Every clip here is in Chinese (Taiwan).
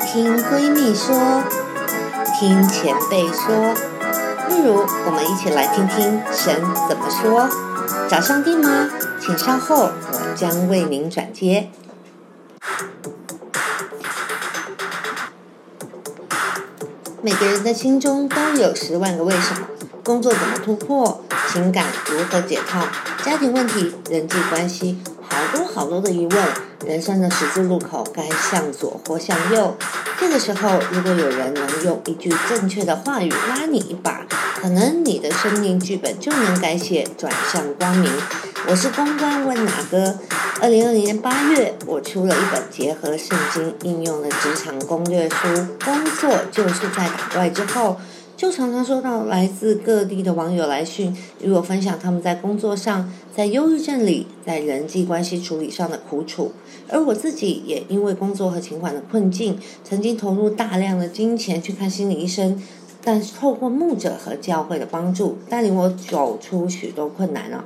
聽閨蜜說，聽前輩說，不如我們一起來聽聽神怎麼說。找上帝嗎？請稍後，我們將為您轉接。每個人的心中都有十萬個為什麼。工作怎麼突破？情感如何解套？家庭問題，人際關係。好多好多的疑問，人生的十字路口該向左或向右？這個時候，如果有人能用一句正確的話語拉你一把，可能你的生命劇本就能改寫，轉向光明。我是公關問哪個？二零二零年八月，我出了一本結合聖經應用的職場攻略書，工作就是在打怪之後。就常常收到來自各地的網友來信，與我分享他們在工作上、在憂鬱症裡、在人際關係處理上的苦楚。而我自己也因為工作和情感的困境，曾經投入大量的金錢去看心理醫生，但透過牧者和教會的幫助，帶領我走出許多困難了。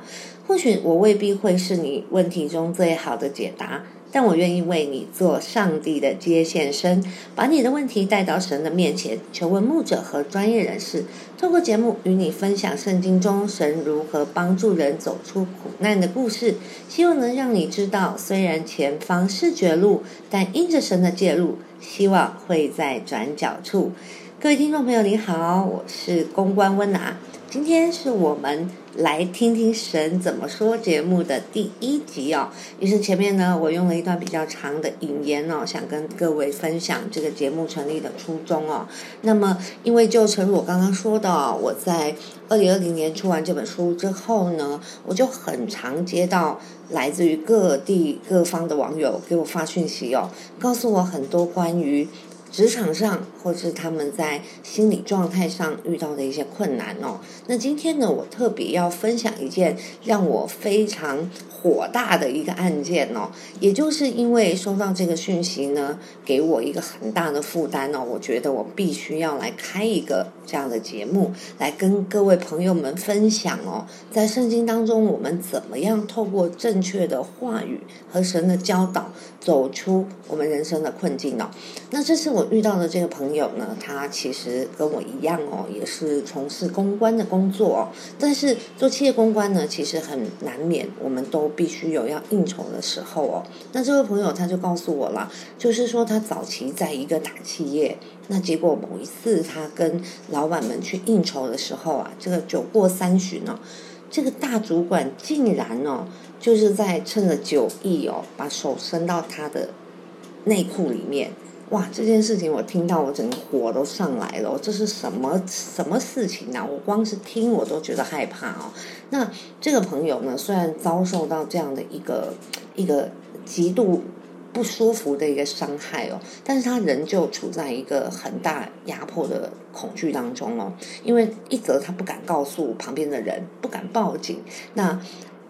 或許我未必會是你問題中最好的解答。但我願意為你做上帝的接線生，把你的問題帶到神的面前，求問牧者和專業人士。透過節目與你分享聖經中神如何幫助人走出苦難的故事，希望能讓你知道，雖然前方是絕路，但因着神的介入，希望會在轉角處。各位聽眾朋友，你好，我是公關溫拿。今天是我們來聽聽神怎麼說節目的第一集哦。於是前面呢，我用了一段比較長的引言哦，想跟各位分享這個節目成立的初衷哦。那麼，因為就正如我剛剛說的，哦，我在二零二零年出完這本書之後呢，我就很常接到來自於各地各方的網友給我發訊息哦，告訴我很多關於。職場上，或是他們在心理狀態上遇到的一些困難哦。那今天呢，我特別要分享一件讓我非常火大的一個案件哦。也就是因為收到這個訊息呢，給我一個很大的負擔哦。我覺得我必須要來開一個這樣的節目，來跟各位朋友們分享哦。在聖經當中，我們怎麼樣透過正確的話語和神的教導，走出我們人生的困境呢？哦。那這是我。遇到的這個朋友呢，他其實跟我一樣哦，也是從事公關的工作哦。但是做企業公關呢，其實很難免，我們都必須有要應酬的時候哦。那這位朋友他就告訴我了，就是說他早期在一個大企業，那結果某一次他跟老闆們去應酬的時候啊，這個酒過三巡哦，這個大主管竟然哦，就是在趁着酒意哦，把手伸到他的內褲裡面。哇，這件事情我聽到，我整個火都上來了哦，我這是什麼什麼事情呢啊？我光是聽我都覺得害怕哦。那這個朋友呢，雖然遭受到這樣的一個一個極度不舒服的一個傷害哦，但是他仍舊處在一個很大壓迫的恐懼當中哦，因為一則他不敢告訴旁邊的人，不敢報警，那。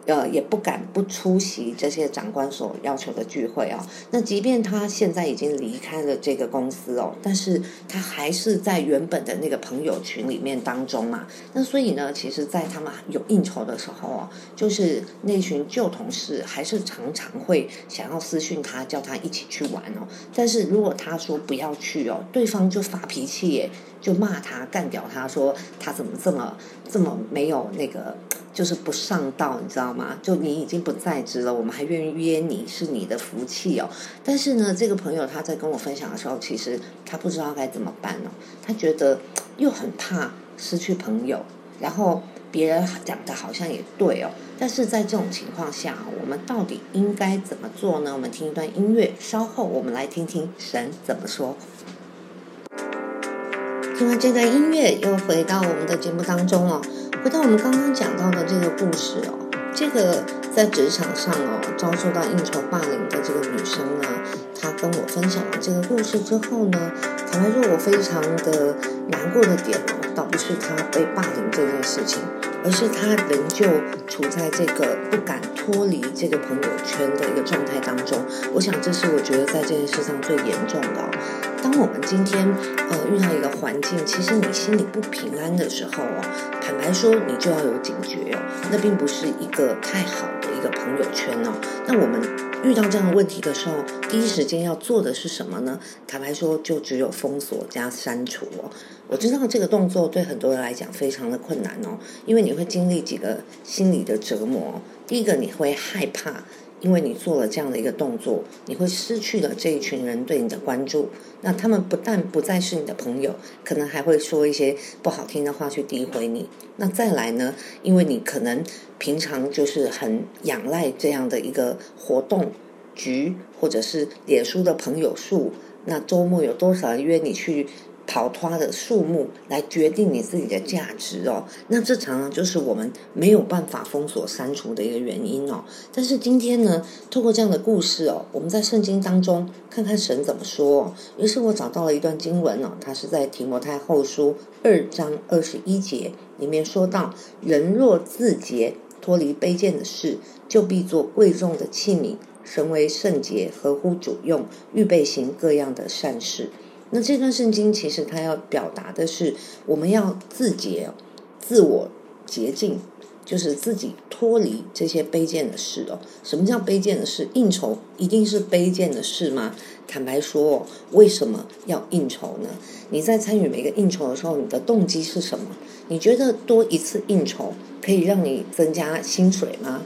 呃，也不敢不出席這些長官所要求的聚會哦。那即便他現在已經離開了這個公司哦，但是他還是在原本的那個朋友群裡面當中嘛、啊。那所以呢，其實，在他們有應酬的時候哦，就是那群舊同事還是常常會想要私訊他，叫他一起去玩哦。但是如果他說不要去哦，對方就發脾氣耶，就罵他，幹掉他，說他怎麼這麼這麼沒有那個。就是不上道，你知道嗎？就你已經不在職了，我們還願意約你，是你的福氣哦。但是呢，這個朋友他在跟我分享的時候，其實他不知道該怎麼辦哦。他覺得又很怕失去朋友，然後別人講的好像也對哦。但是在這種情況下，我們到底應該怎麼做呢？我們聽一段音樂，稍後我們來聽聽神怎麼說。聽完這段音樂，又回到我們的節目當中了哦。回到我們剛剛講到的這個故事哦，這個在職場上哦遭受到應酬霸凌的這個女生呢，她跟我分享了這個故事之後呢，坦白說，我非常的難過的點，倒不是她被霸凌這件事情，而是她仍舊處在這個不敢脫離這個朋友圈的一個狀態當中。我想這是我覺得在這件事上最嚴重的哦。當我們今天，呃，遇到一個環境，其實你心裡不平安的時候哦，坦白說，你就要有警覺哦。那並不是一個太好的一個朋友圈哦。那我們遇到這樣的問題的時候，第一時間要做的是什麼呢？坦白說，就只有封鎖加刪除哦。我知道這個動作對很多人來講非常的困難哦，因為你會經歷幾個心理的折磨。第一個，你會害怕。因為你做了這樣的一個動作，你會失去了這一群人對你的關注。那他們不但不再是你的朋友，可能還會說一些不好聽的話去詆毀你。那再來呢？因為你可能平常就是很仰賴這樣的一個活動局，或者是臉書的朋友數。那周末有多少人約你去跑脫的數目來決定你自己的價值哦，那這常常、啊、就是我們沒有辦法封鎖刪除的一個原因哦。但是今天呢，透過這樣的故事哦，我們在聖經當中看看神怎麼說、哦。於是我找到了一段經文哦，它是在提摩太後書二章二十一節裡面說到：人若自潔，脫離卑賤的事，就必做貴重的器皿，成為聖潔，合乎主用，預備行各樣的善事。那這段聖經其實它要表達的是，我們要自潔、哦、自我潔淨，就是自己脫離這些卑賤的事哦。什麼叫卑賤的事？應酬一定是卑賤的事嗎？坦白說哦，為什麼要應酬呢？你在參與每個應酬的時候，你的動機是什麼？你覺得多一次應酬可以讓你增加薪水嗎？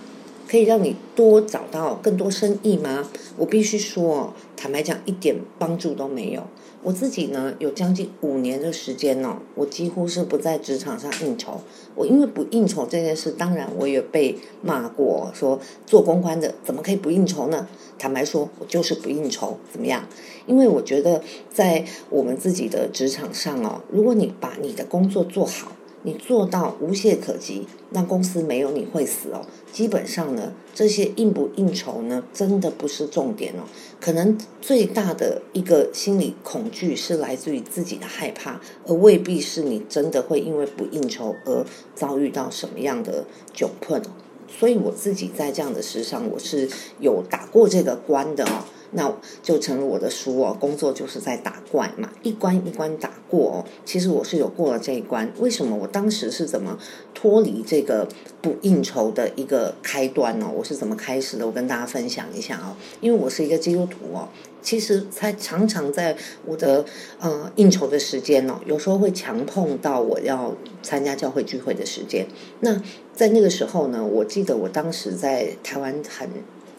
可以讓你多找到更多生意嗎？我必須說哦，坦白講，一點幫助都沒有。我自己呢，有將近五年的時間呢，我幾乎是不在職場上應酬。我因為不應酬這件事，當然我也被罵過，說做公關的怎麼可以不應酬呢？坦白說，我就是不應酬，怎麼樣？因為我覺得在我們自己的職場上哦，如果你把你的工作做好。你做到無懈可擊，那公司沒有你會死哦。基本上呢，這些應不應酬呢，真的不是重點哦。可能最大的一個心理恐懼是來自於自己的害怕，而未必是你真的會因為不應酬而遭遇到什麼樣的窘迫。所以我自己在這樣的事上，我是有打過這個關的哦。那就成了我的書哦，工作就是在打怪嘛，一關一關打過哦。其實我是有過了這一關，為什麼我當時是怎麼脫離這個不應酬的一個開端呢？我是怎麼開始的？我跟大家分享一下哦，因為我是一個基督徒哦，其實他常常在我的呃應酬的時間哦，有時候會強碰到我要參加教會聚會的時間。那在那個時候呢，我記得我當時在台灣很。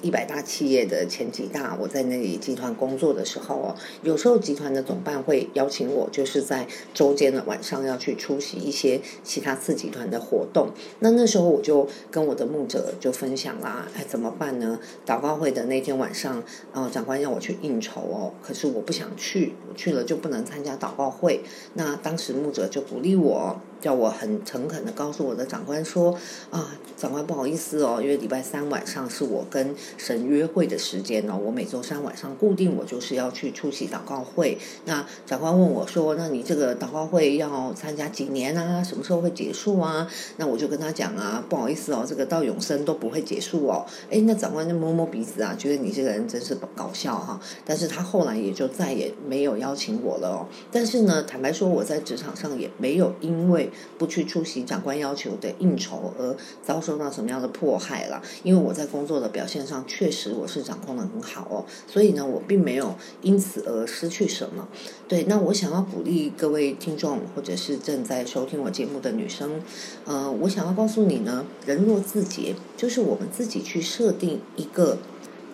一百大企業的前幾大，我在那裡集團工作的時候哦、喔，有時候集團的總辦會邀請我，就是在周間的晚上要去出席一些其他次集團的活動。那那時候我就跟我的牧者就分享啦，哎，怎麼辦呢？禱告會的那天晚上，哦，長官要我去應酬哦、喔，可是我不想去，我去了就不能參加禱告會。那當時牧者就鼓勵我。叫我很誠懇地告訴我的長官說，啊，長官不好意思哦，因為禮拜三晚上是我跟神約會的時間哦，我每週三晚上固定我就是要去出席禱告會。那長官問我說，那你這個禱告會要參加幾年啊？什麼時候會結束啊？那我就跟他講啊，不好意思哦，這個到永生都不會結束哦。哎，那長官就摸摸鼻子啊，覺得你這個人真是搞笑哈，啊。但是他後來也就再也沒有邀請我了哦。但是呢，坦白說我在職場上也沒有因為。不去出席長官要求的應酬而遭受到什麼樣的迫害了。因為我在工作的表現上確實我是掌控得很好哦，所以呢，我並沒有因此而失去什麼。對，那我想要鼓勵各位聽眾或者是正在收聽我節目的女生，呃，我想要告訴你呢，人若自潔，就是我們自己去設定一個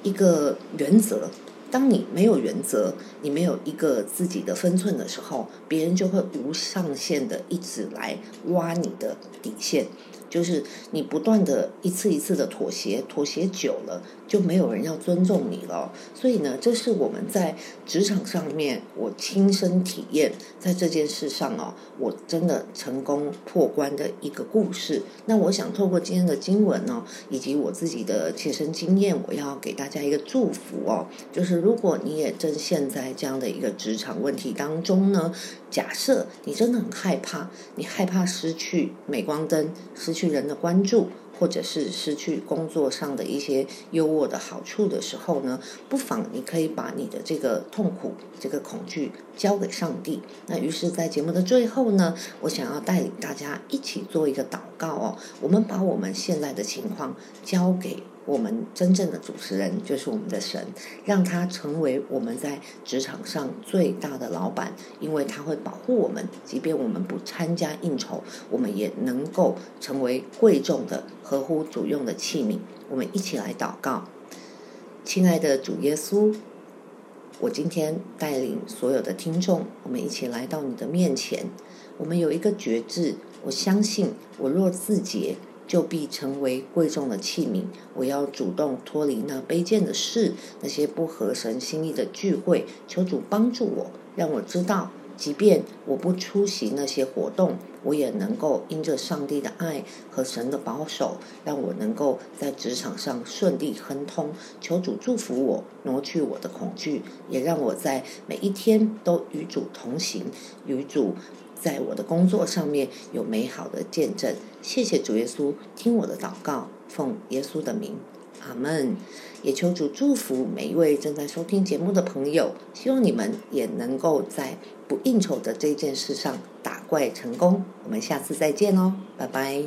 一個原則。當你沒有原則，你沒有一個自己的分寸的時候，別人就會無上限的一直來挖你的底線。就是你不斷的一次一次的妥協，妥協久了就沒有人要尊重你了哦。所以呢，這是我們在職場上面我親身體驗在這件事上哦，我真的成功破關的一個故事。那我想透過今天的經文呢哦，以及我自己的切身經驗，我要給大家一個祝福哦，就是如果你也正陷在這樣的一個職場問題當中呢。假設你真的很害怕，你害怕失去鎂光燈，失去人的關注，或者是失去工作上的一些優渥的好處的時候呢，不妨你可以把你的這個痛苦、這個恐懼交給上帝。那於是，在節目的最後呢，我想要帶領大家一起做一個禱告。哦，我們把我們現在的情況交給我們真正的主持人，就是我們的神，讓他成為我們在職場上最大的老闆，因為他會保護我們。即便我們不參加應酬，我們也能夠成為貴重的、合乎主用的器皿。我們一起來禱告，親愛的主耶穌，我今天帶領所有的聽眾，我們一起來到你的面前。我們有一個決志，我相信我若自潔，就必成為貴重的器皿。我要主動脫離那卑賤的事，那些不合神心意的聚會。求主幫助我，讓我知道，即便我不出席那些活動，我也能夠因着上帝的愛和神的保守，讓我能夠在職場上順利亨通。求主祝福我，挪去我的恐懼，也讓我在每一天都與主同行，與主。在我的工作上面有美好的見證，謝謝主耶穌，聽我的禱告，奉耶穌的名，阿門。也求主祝福每一位正在收聽節目的朋友，希望你們也能夠在不應酬的這件事上打怪成功。我們下次再見哦，拜拜。